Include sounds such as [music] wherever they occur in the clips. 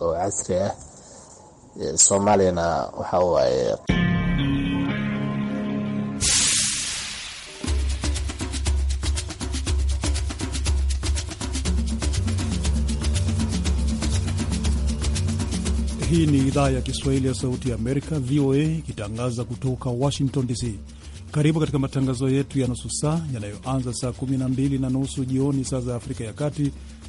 oo casri ah soomaaliyana waxa waaye Hii ni idhaa ya Kiswahili ya Sauti ya Amerika, VOA, ikitangaza kutoka Washington DC. Karibu katika matangazo yetu ya nusu saa yanayoanza saa 12 na nusu jioni saa za Afrika ya Kati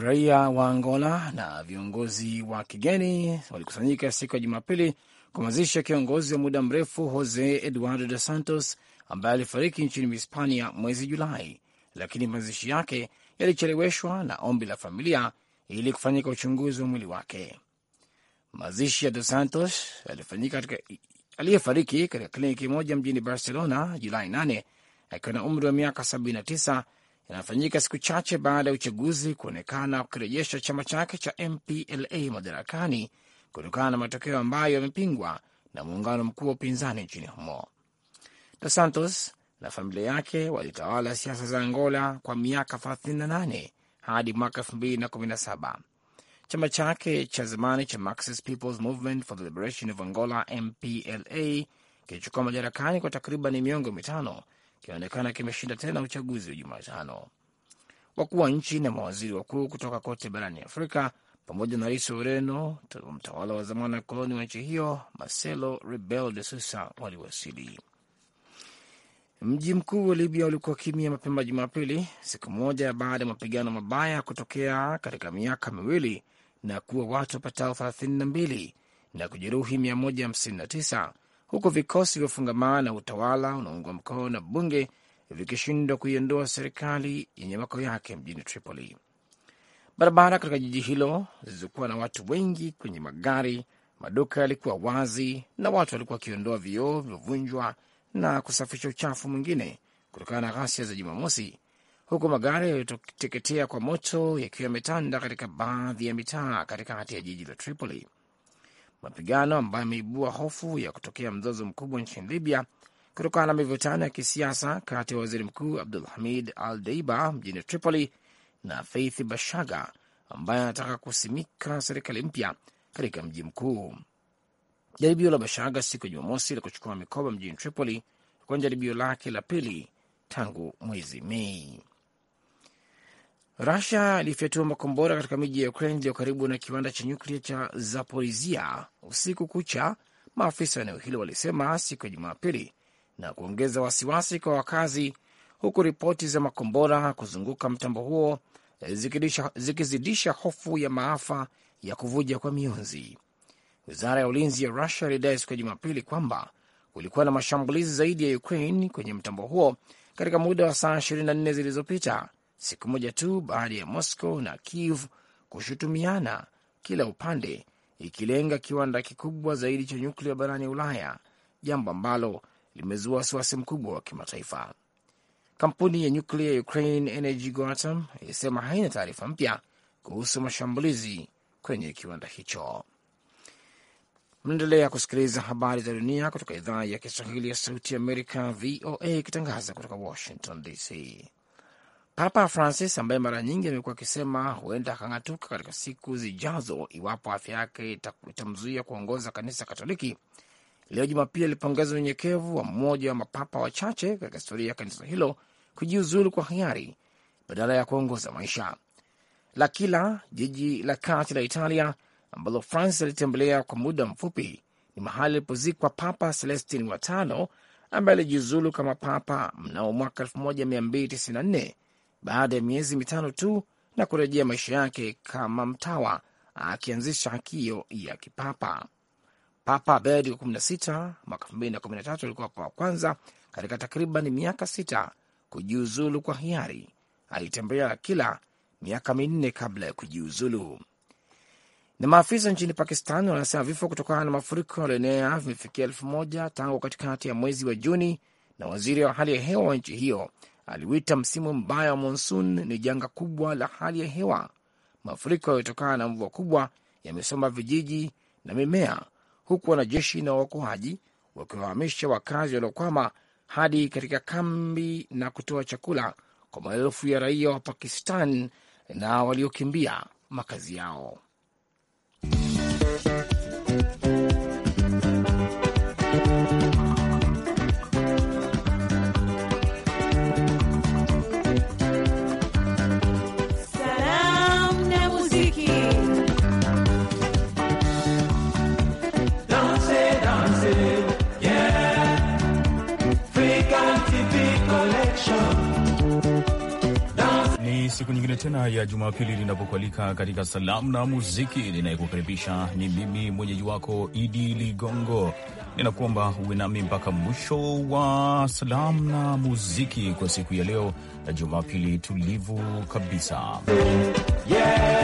raia wa Angola na viongozi wa kigeni walikusanyika siku ya Jumapili kwa mazishi ya kiongozi wa muda mrefu Jose Eduardo Dos Santos ambaye alifariki nchini Hispania mwezi Julai, lakini mazishi yake yalicheleweshwa na ombi la familia ili kufanyika uchunguzi wa mwili wake. Mazishi ya Dos Santos aliyefariki katika kliniki moja mjini Barcelona Julai 8 akiwa na umri wa miaka 79 yanafanyika siku chache baada ya uchaguzi kuonekana kukirejesha chama chake cha MPLA madarakani kutokana na matokeo ambayo yamepingwa na muungano mkuu wa upinzani nchini humo. Dos Santos na familia yake walitawala siasa za Angola kwa miaka 38 hadi mwaka 2017. Chama chake cha zamani cha Marxist People's Movement for the Liberation of Angola, MPLA, kilichokuwa madarakani kwa takriban miongo mitano kinaonekana kimeshinda tena uchaguzi wa Jumatano. Wakuu wa nchi na mawaziri wakuu kutoka kote barani Afrika pamoja na rais wa Ureno, mtawala wa zamani wa koloni wa nchi hiyo Marcelo Rebelo de Sousa waliwasili. Mji mkuu wa Libya ulikuwa kimya mapema Jumapili, siku moja baada ya mapigano mabaya kutokea katika miaka miwili na kuwa watu wapatao 32 na kujeruhi 159 huku vikosi ufungamana na utawala unaungwa mkono na bunge vikishindwa kuiondoa serikali yenye makao yake mjini Tripoli. Barabara katika jiji hilo zilizokuwa na watu wengi kwenye magari, maduka yalikuwa wazi na watu walikuwa wakiondoa vioo vilivyovunjwa na kusafisha uchafu mwingine kutokana na ghasia za Jumamosi, huku magari yaliyoteketea kwa moto yakiwa yametanda katika baadhi ya mitaa katikati ya jiji la Tripoli mapigano ambayo yameibua hofu ya kutokea mzozo mkubwa nchini Libya kutokana na mivutano ya kisiasa kati ya waziri mkuu Abdul Hamid Al Deiba mjini Tripoli na Faith Bashaga ambaye anataka kusimika serikali mpya katika mji mkuu. Jaribio la Bashaga siku ya Jumamosi la kuchukua mikoba mjini Tripoli kwa jaribio lake la pili tangu mwezi Mei. Rusia ilifyatua makombora katika miji ya Ukraine iliyo karibu na kiwanda cha nyuklia cha Zaporizia usiku kucha, maafisa wa eneo hilo walisema siku ya Jumapili, na kuongeza wasiwasi kwa wakazi, huku ripoti za makombora kuzunguka mtambo huo zikizidisha hofu ya maafa ya kuvuja kwa mionzi. Wizara ya ulinzi ya Rusia ilidai siku ya Jumapili kwamba kulikuwa na mashambulizi zaidi ya Ukraine kwenye mtambo huo katika muda wa saa 24 zilizopita siku moja tu baada ya Moscow na Kiev kushutumiana, kila upande ikilenga kiwanda kikubwa zaidi cha nyuklia barani Ulaya, jambo ambalo limezua wasiwasi mkubwa wa kimataifa. Kampuni ya nyuklia ya Ukraine Energy Goatom ilisema haina taarifa mpya kuhusu mashambulizi kwenye kiwanda hicho. Mnaendelea kusikiliza habari za dunia kutoka idhaa ya Kiswahili ya Sauti ya Amerika, VOA, ikitangaza kutoka Washington DC. Papa Francis ambaye mara nyingi amekuwa akisema huenda akang'atuka katika siku zijazo iwapo afya yake itamzuia kuongoza kanisa Katoliki, leo Jumapili alipongeza unyenyekevu wa mmoja wa mapapa wachache katika historia ya kanisa hilo kujiuzulu kwa hiari badala ya kuongoza maisha. kila jiji la kati la Italia ambalo Francis alitembelea kwa muda mfupi, ni mahali alipozikwa Papa Celestin watano ambaye alijiuzulu kama papa mnamo mwaka 1294 baada ya miezi mitano tu na kurejea maisha yake kama mtawa, akianzisha haki hiyo ya kipapa. Papa Bedi wa sita mwaka elfu mbili na na kumi tatu alikuwa wa kwanza katika takriban miaka sita kujiuzulu kwa hiari. Alitembelea kila miaka minne kabla ya kujiuzulu. Na maafisa nchini Pakistan wanasema vifo kutokana na mafuriko yaliyoenea vimefikia elfu moja tangu katikati ya mwezi wa Juni, na waziri wa hali ya hewa wa nchi hiyo aliwita msimu mbaya wa monsun ni janga kubwa la hali ya hewa. Mafuriko yaliyotokana na mvua kubwa yamesomba vijiji na mimea, huku wanajeshi na waokoaji wakiwahamisha wakazi waliokwama hadi katika kambi na kutoa chakula kwa maelfu ya raia wa Pakistan na waliokimbia makazi yao. siku nyingine tena ya Jumapili linapokualika katika salamu na muziki, ninayekukaribisha ni mimi mwenyeji wako Idi Ligongo. Ninakuomba uwe nami mpaka mwisho wa salamu na muziki kwa siku ya leo, na Jumapili tulivu kabisa yeah.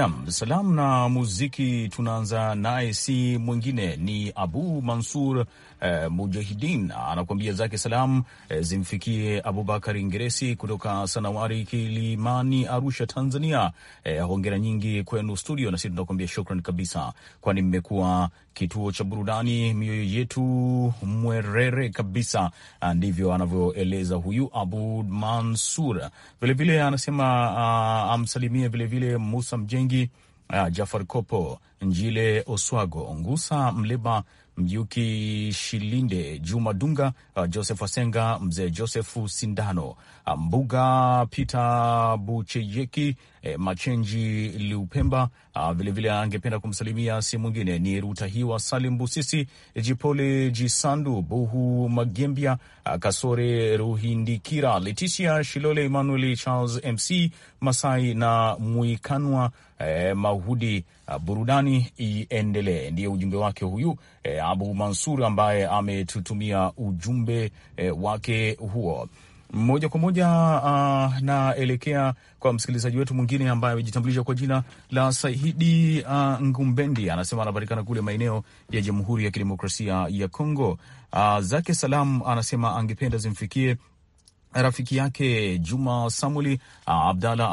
Nam salamu na muziki, tunaanza naye, si mwingine ni Abu Mansur eh, Mujahidin anakuambia zake salamu eh, zimfikie Abubakar Ngeresi kutoka Sanawari Kilimani, Arusha, Tanzania. Eh, hongera nyingi kwenu studio, nasi tunakuambia shukran kabisa, kwani mmekuwa kituo cha burudani mioyo yetu mwerere kabisa. Ah, ndivyo anavyoeleza huyu Abu Mansur. Vilevile anasema uh, amsalimie vilevile Musa Mjengi Mwangi, uh, Jafar Kopo, Njile Oswago, Ngusa Mleba, Mjuki Shilinde, Juma Dunga, uh, Joseph Asenga, Mzee Josefu Sindano, uh, Mbuga Peter Bucheyeki, e, eh, Machenji Liupemba. Vilevile ah, angependa kumsalimia si mwingine ni Rutahiwa Salim Busisi, Jipole Jisandu, Buhu Magembia, ah, Kasore Ruhindikira, Leticia Shilole, Emmanuel Charles, MC Masai na Mwikanwa e, eh, Mahudi. Ah, Burudani iendelee, ndiye ujumbe wake huyu e, Abu Mansur ambaye ametutumia ujumbe e, wake huo. Moja kwa moja uh, naelekea kwa msikilizaji wetu mwingine ambaye amejitambulisha kwa jina la Saidi uh, Ngumbendi, anasema anapatikana kule maeneo ya Jamhuri ya Kidemokrasia ya Kongo. Uh, zake salam anasema angependa zimfikie rafiki yake Juma Samuli uh,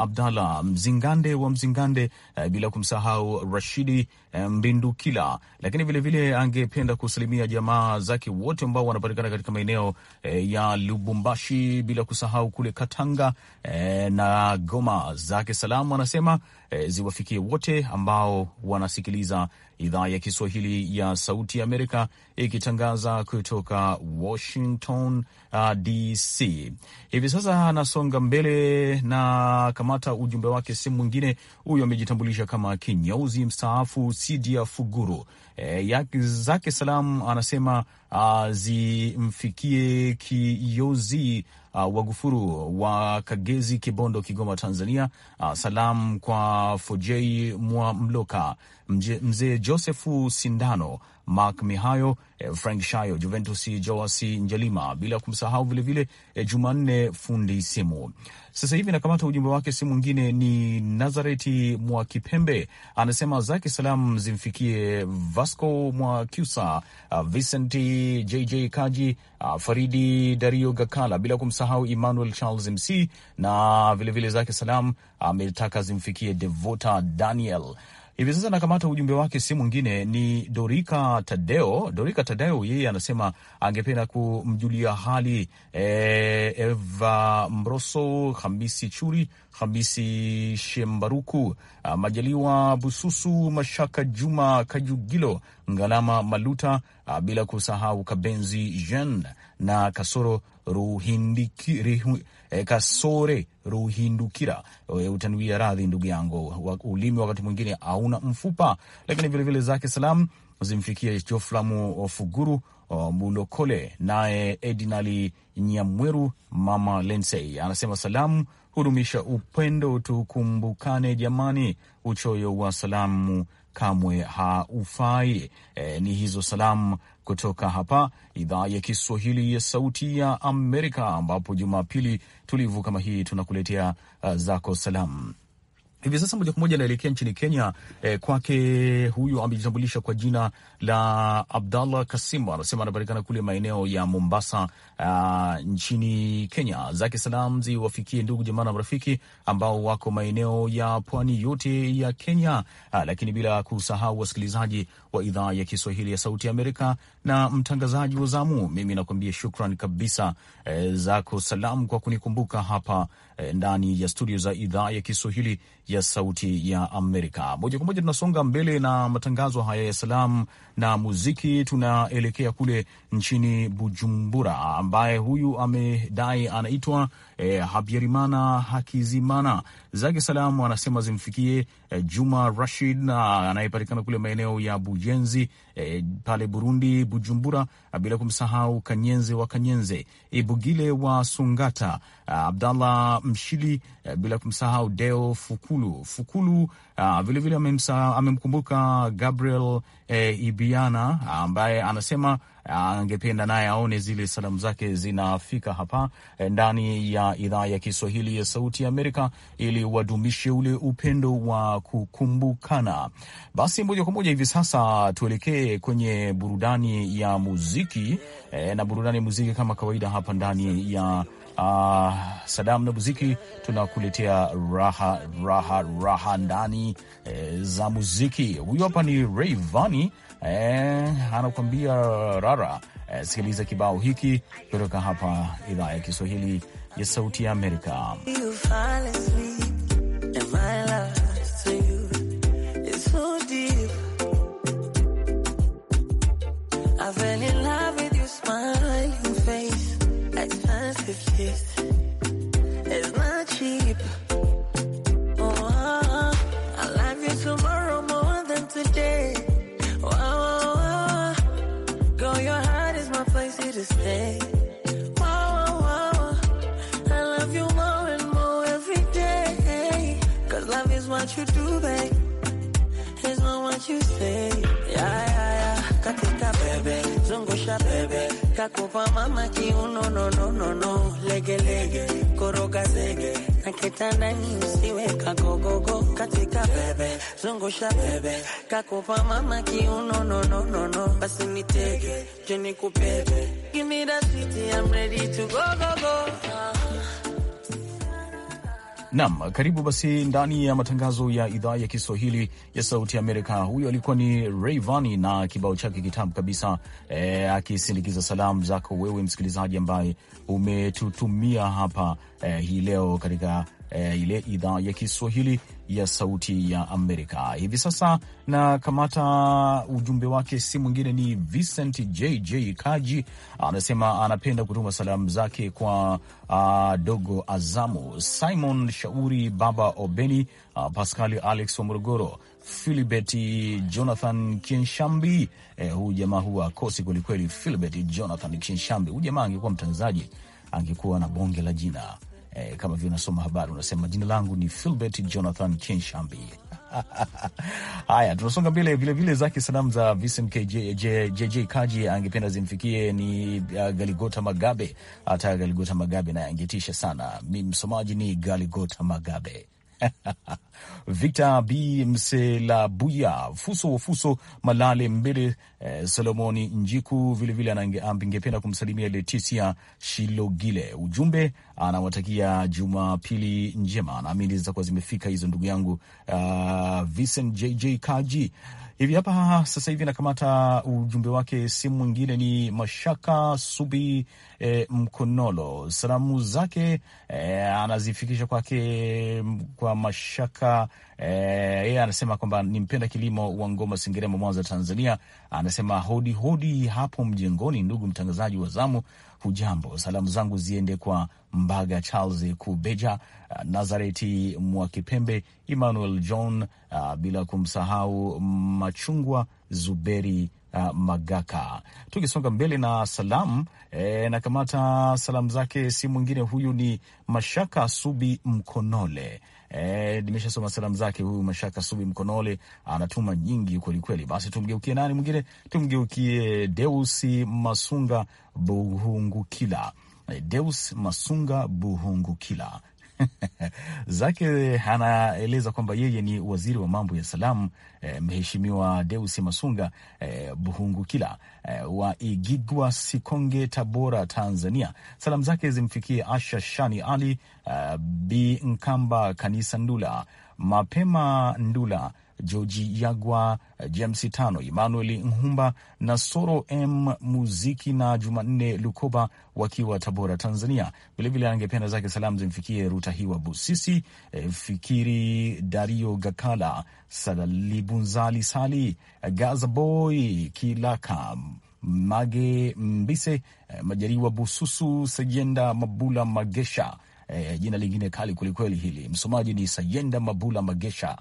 abdalah Mzingande wa Mzingande uh, bila kumsahau Rashidi Eh, Mlindukila, lakini vilevile angependa kusalimia jamaa zake wote ambao wanapatikana katika maeneo e, ya Lubumbashi, bila kusahau kule Katanga e, na Goma. Zake salamu anasema e, ziwafikie wote ambao wanasikiliza idhaa ya Kiswahili ya Sauti ya Amerika ikitangaza kutoka Washington uh, ah, DC. Hivi sasa anasonga mbele na kamata ujumbe wake sehemu mwingine. huyo amejitambulisha kama kinyauzi mstaafu Sidia Fuguru e, zake salam anasema ah, zimfikie Kiyozi ah, Wagufuru wa Kagezi, Kibondo, Kigoma, Tanzania. salamu ah, salam kwa Fojei Mwa Mloka, mzee Josefu Sindano Mark Mihayo, eh, Frank Shayo, Juventus Joasi Njelima, bila kumsahau vilevile eh, Jumanne fundi simu. Sasa hivi nakamata ujumbe wake, si mwingine ni Nazareti mwa Kipembe, anasema zake salam zimfikie Vasco mwa Kusa, uh, eh, Vicenti JJ Kaji, uh, Faridi Dario Gakala, bila kumsahau Emmanuel Charles MC na vilevile vile zake salam ametaka uh, zimfikie Devota Daniel Hivi sasa anakamata ujumbe wake, si mwingine ni Dorika Tadeo. Dorika Tadeo yeye anasema angependa kumjulia hali e, Eva Mbroso, Hamisi Churi, Hamisi Shembaruku, Majaliwa Bususu, Mashaka Juma, Kajugilo, Ngalama Maluta, bila kusahau Kabenzi Jean na Kasoro Ruhindiki, Ruhindiki e, kasore ruhindukira e, eh, utaniwia radhi ndugu yangu, ulimi wakati mwingine hauna mfupa, lakini vilevile zake salamu zimfikia Joflamu Fuguru Mulokole, naye Edinali Nyamweru, mama Lensei anasema salamu hudumisha upendo, tukumbukane jamani, uchoyo wa salamu kamwe haufai. E, ni hizo salamu kutoka hapa idhaa ya Kiswahili ya Sauti ya Amerika, ambapo Jumapili tulivu kama hii tunakuletea uh, zako salamu Hivi sasa moja kwa moja naelekea nchini Kenya eh, kwake huyu amejitambulisha kwa jina la Abdallah Kasimu, anasema anapatikana kule maeneo ya Mombasa, uh, nchini Kenya. Zake salam ziwafikie ndugu jamaa na marafiki ambao wako maeneo ya pwani yote ya Kenya, uh, lakini bila kusahau wasikilizaji wa idhaa ya Kiswahili ya Sauti ya Amerika na mtangazaji wa zamu. Mimi nakuambia shukran kabisa eh, zako salam kwa kunikumbuka hapa eh, ndani ya studio za idhaa ya Kiswahili ya Sauti ya Amerika. Moja kwa moja tunasonga mbele na matangazo haya ya salamu na muziki. Tunaelekea kule nchini Bujumbura, ambaye huyu amedai anaitwa e, Habyarimana Hakizimana zake salamu anasema zimfikie e, Juma Rashid anayepatikana kule maeneo ya Bujenzi e, pale Burundi, Bujumbura, bila kumsahau Kanyenze wa Kanyenze, Ibugile e, wa Sungata, e, Abdallah Mshili, e, bila kumsahau Deo Fukulu Fukulu. Vilevile amemkumbuka Gabriel e, Ibiana ambaye anasema angependa naye aone zile salamu zake zinafika hapa eh, ndani ya idhaa ya Kiswahili ya Sauti ya Amerika ili wadumishe ule upendo wa kukumbukana. Basi moja kwa moja hivi sasa tuelekee kwenye burudani ya muziki e, na burudani ya muziki kama kawaida hapa ndani ya Uh, ah, Sadamu na muziki tunakuletea raha raha raha ndani eh, za muziki. Huyu hapa ni Rayvanny eh, anakuambia rara. Eh, sikiliza kibao hiki kutoka hapa idhaa ya Kiswahili ya Sauti ya Amerika. kuangusha bebe kakopa mama kiuno no no no no basi nitege jeni kupete give me that sweet I'm ready to go go go Nam, karibu basi ndani ya matangazo ya idhaa ya Kiswahili ya Sauti ya Amerika. Huyo alikuwa ni Rayvanny na kibao chake kitamu kabisa e, akisindikiza salamu zako wewe msikilizaji ambaye umetutumia hapa e, hii leo katika e, ile idhaa ya Kiswahili ya Sauti ya Amerika. Hivi sasa na kamata ujumbe wake, si mwingine ni Vincent JJ Kaji, anasema anapenda kutuma salamu zake kwa uh, Dogo Azamu, Simon Shauri, Baba Obeni, uh, ah, Pascali Alex wa Morogoro, Philibert Jonathan Kinshambi. Eh, huu jamaa huwa akosi kwelikweli. Philibert Jonathan Kinshambi, huu jamaa angekuwa mtangazaji angekuwa na bonge la jina eh, kama vile unasoma habari unasema jina langu ni Filbert Jonathan Chenshambi. [laughs] Haya, tunasonga mbele vilevile. Zake salamu za Vincent JJ Kaji angependa zimfikie ni uh, Galigota Magabe. Hata Galigota Magabe naye angetisha sana. Mi msomaji ni Galigota Magabe. [laughs] Victor B Mselabuya, Fuso fuso Malale Mbele, eh, Solomoni Njiku vilevile angependa kumsalimia Leticia Shilogile. Ujumbe anawatakia Jumapili njema. Naamini zitakuwa zimefika hizo, ndugu yangu uh, Vincent JJ Kaji hivi hapa sasa hivi nakamata ujumbe wake. Simu mwingine ni Mashaka Subi e, Mkonolo, salamu zake e, anazifikisha kwake mm, kwa Mashaka eh, yeye e, anasema kwamba ni mpenda kilimo wa Ngoma Singerema, Mwanza, Tanzania. Anasema hodi hodi hapo mjengoni, ndugu mtangazaji wa zamu Hujambo, salamu zangu ziende kwa Mbaga Charles Kubeja, uh, Nazareti mwa Kipembe, Emmanuel John, uh, bila kumsahau Machungwa Zuberi Magaka. Tukisonga mbele na salamu e, na kamata salamu zake si mwingine huyu ni Mashaka Subi Mkonole. E, nimeshasoma salamu zake huyu Mashaka Subi Mkonole, anatuma nyingi kwelikweli. Basi tumgeukie nani mwingine? Tumgeukie Deusi Masunga Buhungukila. Deus Masunga Buhungukila e, [laughs] zake anaeleza kwamba yeye ni waziri wa mambo ya salamu eh, Mheshimiwa Deus Masunga eh, Buhungukila eh, wa Igigwa, Sikonge, Tabora, Tanzania. Salamu zake zimfikie Asha Shani Ali, eh, Bi Nkamba, Kanisa Ndula, Mapema Ndula Georgi Yagwa, James Tano, Emmanuel Nhumba na Soro M Muziki na Jumanne Lukoba wakiwa Tabora, Tanzania. Vilevile angependa zake salamu zimfikie Ruta Hiwa Busisi, eh, Fikiri Dario Gakala, Salibunzali Sali, Gazaboy Kilaka Mage Mbise, eh, Majariwa Bususu, Sajenda Mabula Magesha. E, jina lingine kali kwelikweli hili. Msomaji ni Sayenda Mabula Magesha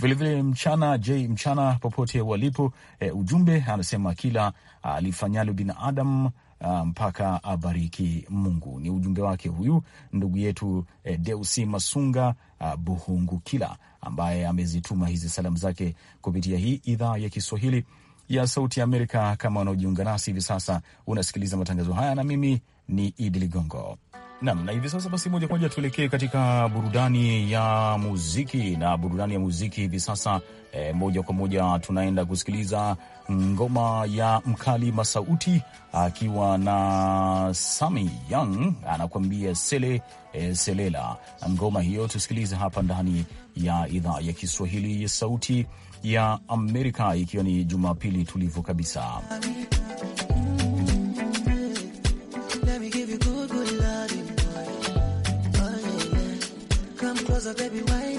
vilevile [laughs] mchana j mchana popote walipo e, ujumbe anasema kila alifanyalo binadamu mpaka abariki Mungu. Ni ujumbe wake huyu ndugu yetu e, Deusi Masunga a, Buhungu kila ambaye amezituma hizi salamu zake kupitia hii idhaa ya Kiswahili ya Sauti ya Amerika. Kama unaojiunga nasi hivi sasa, unasikiliza matangazo haya, na mimi ni Idi Ligongo. Nam, na hivi sasa basi, moja kwa moja tuelekee katika burudani ya muziki na burudani ya muziki hivi sasa e, moja kwa moja tunaenda kusikiliza ngoma ya Mkali Masauti akiwa na Sami Young anakuambia sele e, selela. Ngoma hiyo tusikilize hapa ndani ya idhaa ya Kiswahili ya Sauti ya Amerika, ikiwa ni Jumapili tulivu kabisa. cause a uh, baby why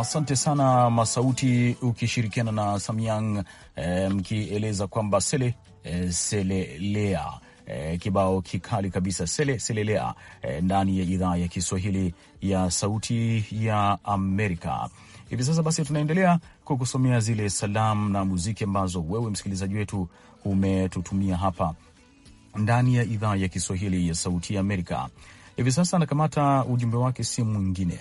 Asante sana Masauti ukishirikiana na Samyang e, mkieleza kwamba sele e, selelea e, kibao kikali kabisa sele selelea e, ndani ya idhaa ya Kiswahili ya Sauti ya Amerika. Hivi sasa basi, tunaendelea kukusomea zile salamu na muziki ambazo wewe msikilizaji wetu umetutumia hapa ndani ya idhaa ya Kiswahili ya Sauti ya Amerika. Hivi sasa anakamata ujumbe wake si mwingine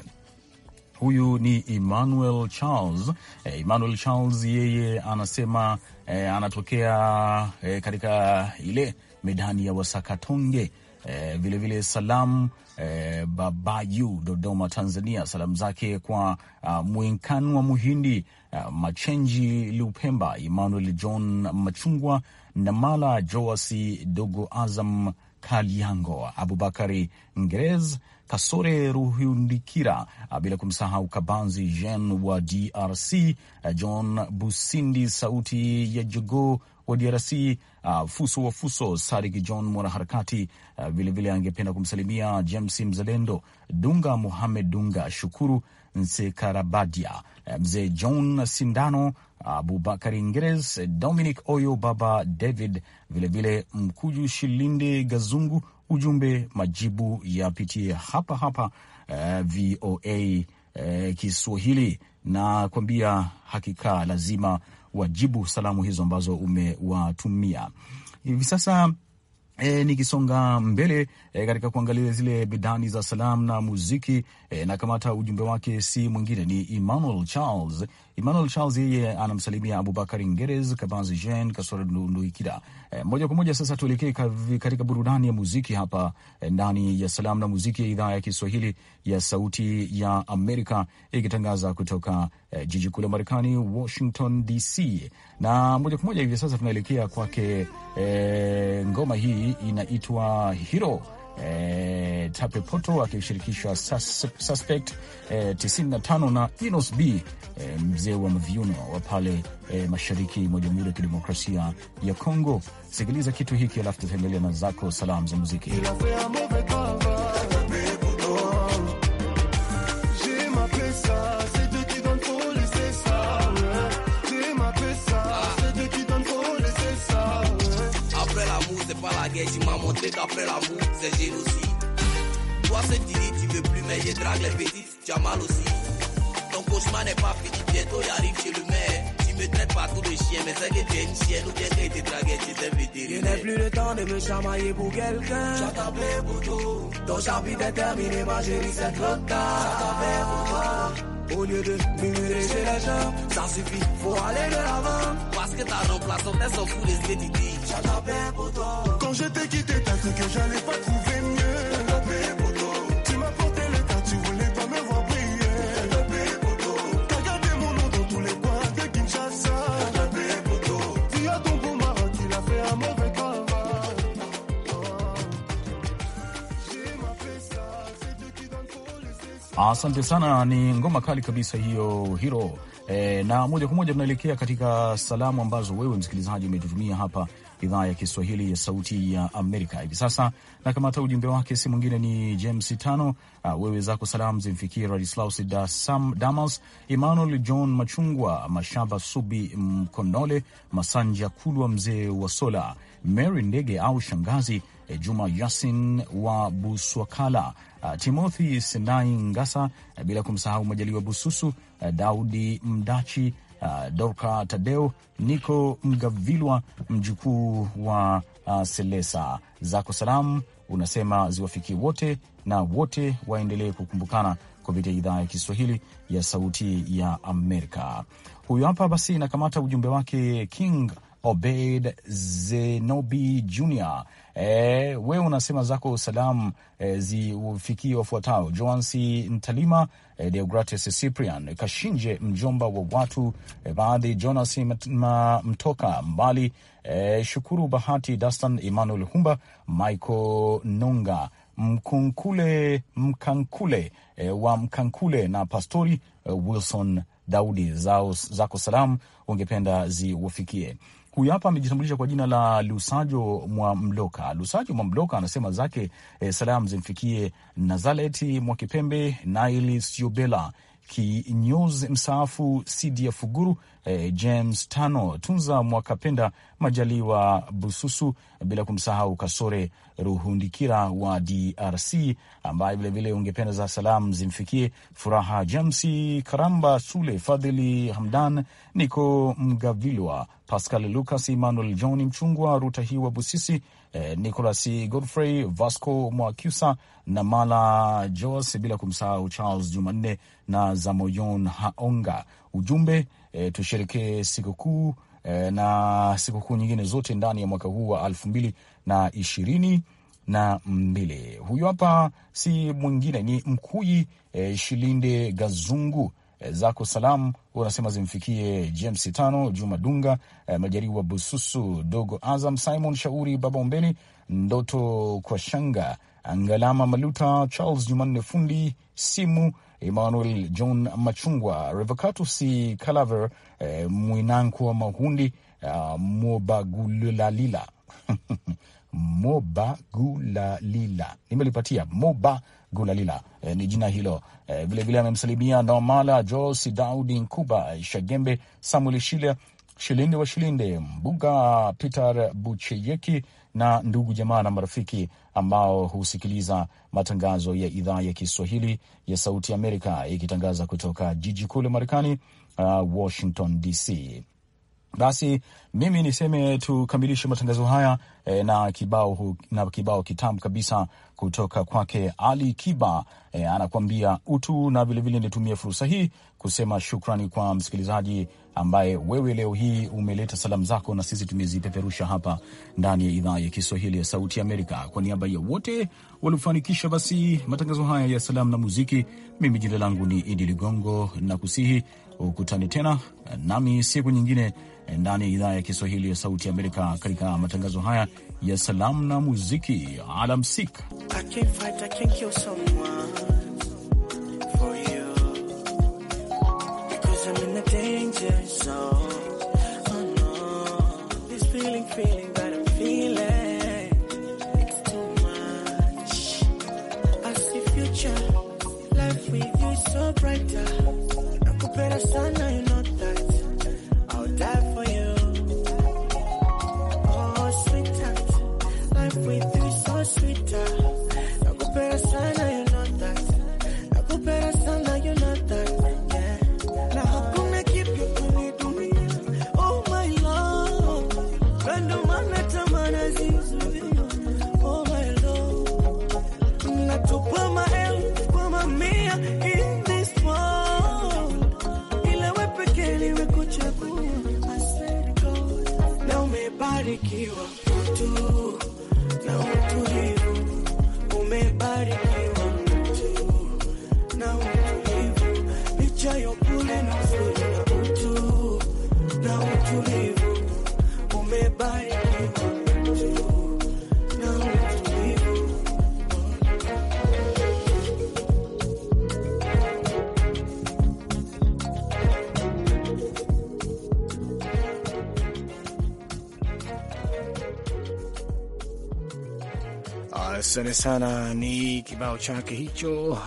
Huyu ni Emmanuel Charles. E, Emmanuel Charles yeye anasema e, anatokea e, katika ile medani ya Wasakatonge vilevile vile salamu e, Babayu Dodoma, Tanzania. Salamu zake kwa uh, ah, Mwenkanu wa Muhindi uh, Machenji Lupemba, Emmanuel John Machungwa na Mala Joasi Dogo, Azam Kaliango, Abubakari Ngerez Kasore ruhundikira ah, bila kumsahau Kabanzi Jean wa DRC, ah, John Busindi sauti ya Jogo wa DRC, ah, Fuso wa Fuso, Sadik John mwanaharakati vilevile, angependa kumsalimia James Mzalendo Dunga, Muhamed Dunga, Shukuru Nsekarabadia, mzee John Sindano, abubakar Ingres, Dominic Oyo, baba David vilevile vile, Mkuju Shilinde Gazungu ujumbe, majibu yapitie hapa hapa eh, VOA eh, Kiswahili na kuambia hakika lazima wajibu salamu hizo ambazo umewatumia hivi sasa. E, nikisonga mbele e, katika kuangalia zile bidani za salam na muziki e, na kamata ujumbe wake si mwingine ni Emmanuel Charles. Emmanuel Charles yeye anamsalimia Abubakar Ngerez, Kabanzi Jean, Kasore Nduikira. E, moja kwa moja sasa tuelekee katika burudani ya muziki hapa e, ndani ya salam na muziki ya idhaa ya Kiswahili ya Sauti ya Amerika ikitangaza e, kutoka eh, jiji kuu la Marekani, Washington DC. Na moja kwa moja hivi sasa tunaelekea kwake. Eh, ngoma hii inaitwa Hiro eh, Tapepoto akishirikisha sus, Suspect eh, 95 na Inos B eh, mzee wa mviuno wa pale eh, mashariki mwa Jamhuri ya Kidemokrasia ya Kongo. Sikiliza kitu hiki alafu tutaendelea na zako salamu za muziki Et tu m'as montré qu'après l'amour, c'est génocide. Toi, c'est Tini, tu veux plus, mais je drague les petites, tu as mal aussi. Ton cauchemar n'est pas fini, bientôt il arrive chez le maire. Tu me traites partout de chien, mais c'est que t'es une chienne ou bien que t'es dragué, tu t'es vétérinaire. Je n'ai plus le temps de me chamailler pour quelqu'un. J'attendais pour toi Ton chapitre est terminé, ma chérie, c'est trop tard. J'attendais pour toi. Au lieu de murmurer chez les gens, ça suffit, faut aller de l'avant. Parce que ta remplaçante, elle s'en fout des ce J'attends pour toi. Quand je t'ai quitté, t'as cru que j'allais pas trouver mieux. Asante sana, ni ngoma kali kabisa hiyo hiro. E, na moja kwa moja tunaelekea katika salamu ambazo wewe msikilizaji umetutumia hapa idhaa ya Kiswahili ya Sauti ya Amerika hivi sasa. Nakamata ujumbe wake, si mwingine ni James Tano. Uh, ah, wewe zako salamu zimfikie Radislaus da Sam Damas, Emmanuel John Machungwa, Mashaba Subi Mkondole, Masanja Kulwa, mzee wa Sola, Mary Ndege au shangazi eh, Juma Yasin wa Buswakala, ah, Timothy Sendai Ngasa, eh, bila kumsahau Majaliwa Bususu, eh, Daudi Mdachi uh, Dorka Tadeu Niko Mgavilwa, mjukuu wa uh, Selesa. Zako salamu unasema ziwafikie wote na wote waendelee kukumbukana kupitia idhaa ya Kiswahili ya Sauti ya Amerika. Huyu hapa basi nakamata ujumbe wake King Obeid Zenobi Jr. E, eh, wewe unasema zako salamu e, ziufikie wafuatao: Joans Ntalima, e, eh, Deogratis Cyprian Kashinje, mjomba wa watu e, baadhi, Jonas Mtoka Mbali, e, Shukuru Bahati, Dastan Emmanuel Humba, Michael nunga Mkunkule Mkankule e, wa Mkankule na Pastori e, Wilson Daudi. Zao zako salamu ungependa ziwafikie Huyu hapa amejitambulisha kwa jina la Lusajo Mwamloka. Lusajo Mwamloka anasema zake eh, salamu zimfikie Nazaleti Mwakipembe, Naili Siobela Kinyozi msaafu, Sidia Fuguru Eh, james Tano, Tunza Mwakapenda, Majaliwa Bususu, bila kumsahau Kasore Ruhundikira wa DRC ambaye vilevile ungependa za salamu zimfikie Furaha james Karamba Sule, Fadhili Hamdan, Niko Mgavilwa, Pascal Lucas, Emmanuel John Mchungwa, Rutahiwa Busisi, eh, Nicolas Godfrey, Vasco mwakusa na Mala Jos, bila kumsahau Charles Jumanne na Zamoyon Haonga ujumbe e, tusherekee sikukuu e, na sikukuu nyingine zote ndani ya mwaka huu wa elfu mbili na ishirini na mbili. Huyu hapa si mwingine ni Mkuyi e, Shilinde Gazungu zako salamu unasema zimfikie James Tano, Juma Dunga, eh, Majariwa Bususu, Dogo Azam, Simon Shauri, Baba Umbeni Ndoto shanga Ngalama Maluta, Charles Jumanne Fundi, Simu Emmanuel John Machungwa, Revocatus Kalaver, eh, Mwinankwa Mahundi, uh, Mobagulalila [laughs] Mobagulalila, nimelipatia Mobagulalila eh, ni jina hilo vilevile. Eh, vile amemsalimia nomala Jos Daudi Nkuba eh, Shagembe Samuel Shile Shilinde wa Shilinde Mbuga Peter Bucheyeki na ndugu jamaa na marafiki ambao husikiliza matangazo ya idhaa ya Kiswahili ya Sauti Amerika ikitangaza kutoka jiji kuu la Marekani, uh, Washington DC. Basi mimi niseme tukamilishe matangazo haya e, na kibao na kibao kitamu kabisa kutoka kwake Ali Kiba e, anakuambia utu, na vilevile nitumie fursa hii kusema shukrani kwa msikilizaji ambaye wewe leo hii umeleta salamu zako na sisi tumezipeperusha hapa ndani ya idhaa ya Kiswahili ya Sauti Amerika. Kwa niaba ya wote waliofanikisha basi matangazo haya ya salamu na muziki, mimi jina langu ni Idi Ligongo na kusihi ukutane tena nami siku nyingine ndani ya idhaa ya Kiswahili ya Sauti Amerika katika matangazo haya ya salamu na muziki. Alamsik. oh no. Oh, this feeling, feeling that I'm feeling, it's too much. I see future, life with you so brighter. Asante sana, ni kibao chake hicho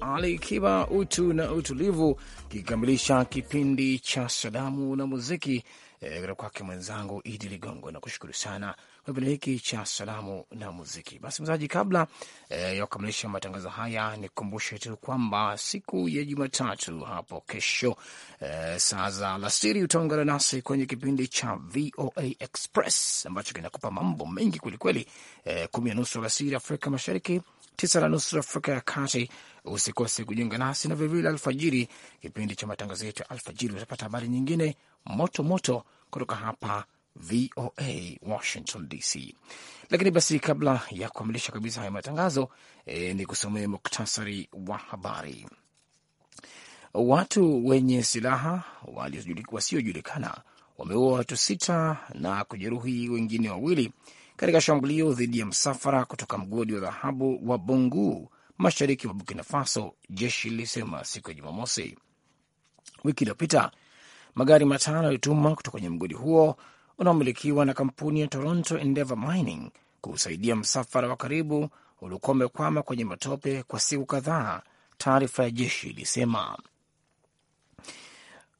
Ali Kiba, utu na utulivu, kikikamilisha kipindi cha salamu na muziki eh, kutoka kwake mwenzangu Idi Ligongo. Nakushukuru sana kwa kipindi hiki cha salamu na muziki. Basi mzaji, kabla eh, ya kukamilisha matangazo haya, nikukumbushe tu kwamba siku ya Jumatatu hapo kesho, eh, saa za alasiri utaungana nasi kwenye kipindi cha VOA Express ambacho kinakupa mambo mengi kwelikweli, eh, kumi na nusu alasiri Afrika Mashariki, tisa na nusu Afrika ya Kati. Usikose kujiunga nasi na vilevile alfajiri, kipindi cha matangazo yetu ya alfajiri. Utapata habari nyingine moto moto kutoka hapa VOA Washington DC. Lakini basi kabla ya kukamilisha kabisa haya matangazo e, ni kusomea muktasari wa habari. Watu wenye silaha wasiojulikana wameua watu sita na kujeruhi wengine wawili katika shambulio dhidi ya msafara kutoka mgodi wa dhahabu wa Bungu mashariki mwa Burkina Faso, jeshi lilisema siku ya Jumamosi. Wiki iliyopita magari matano yalitumwa kutoka kwenye mgodi huo unaomilikiwa na kampuni ya Toronto Endeavour Mining kuusaidia msafara wa karibu uliokuwa umekwama kwenye matope kwa siku kadhaa, taarifa ya jeshi ilisema.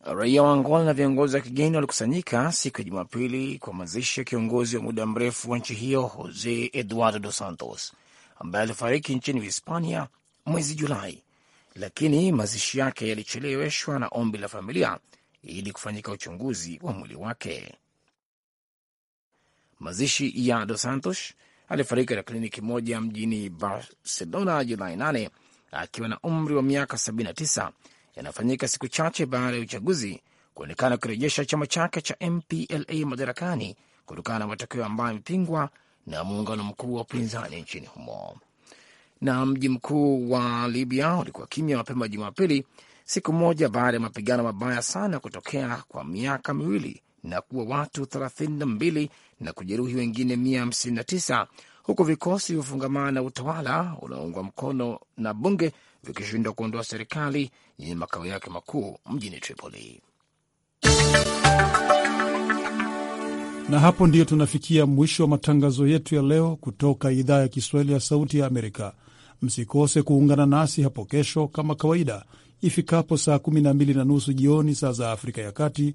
Raia wa Angola na viongozi wa kigeni walikusanyika siku ya Jumapili kwa mazishi ya kiongozi wa muda mrefu wa nchi hiyo Jose Eduardo Dos Santos ambaye alifariki nchini Hispania mwezi Julai, lakini mazishi yake yalicheleweshwa na ombi la familia ili kufanyika uchunguzi wa mwili wake. Mazishi ya Dos Santos alifariki katika kliniki moja mjini Barcelona Julai 8 akiwa na umri wa miaka 79 yanayofanyika siku chache baada ya uchaguzi kuonekana kurejesha chama chake cha MPLA madarakani kutokana na matokeo ambayo yamepingwa na muungano mkuu wa upinzani nchini humo. Na mji mkuu wa Libya ulikuwa kimya mapema Jumapili, siku moja baada ya mapigano mabaya sana kutokea kwa miaka miwili na kuwa watu 32 na kujeruhi wengine 159 huku vikosi ufungamana na utawala unaoungwa mkono na bunge vikishindwa kuondoa serikali yenye makao yake makuu mjini Tripoli. Na hapo ndiyo tunafikia mwisho wa matangazo yetu ya leo kutoka idhaa ya Kiswahili ya Sauti ya Amerika. Msikose kuungana nasi hapo kesho kama kawaida ifikapo saa 12 na nusu jioni saa za Afrika ya Kati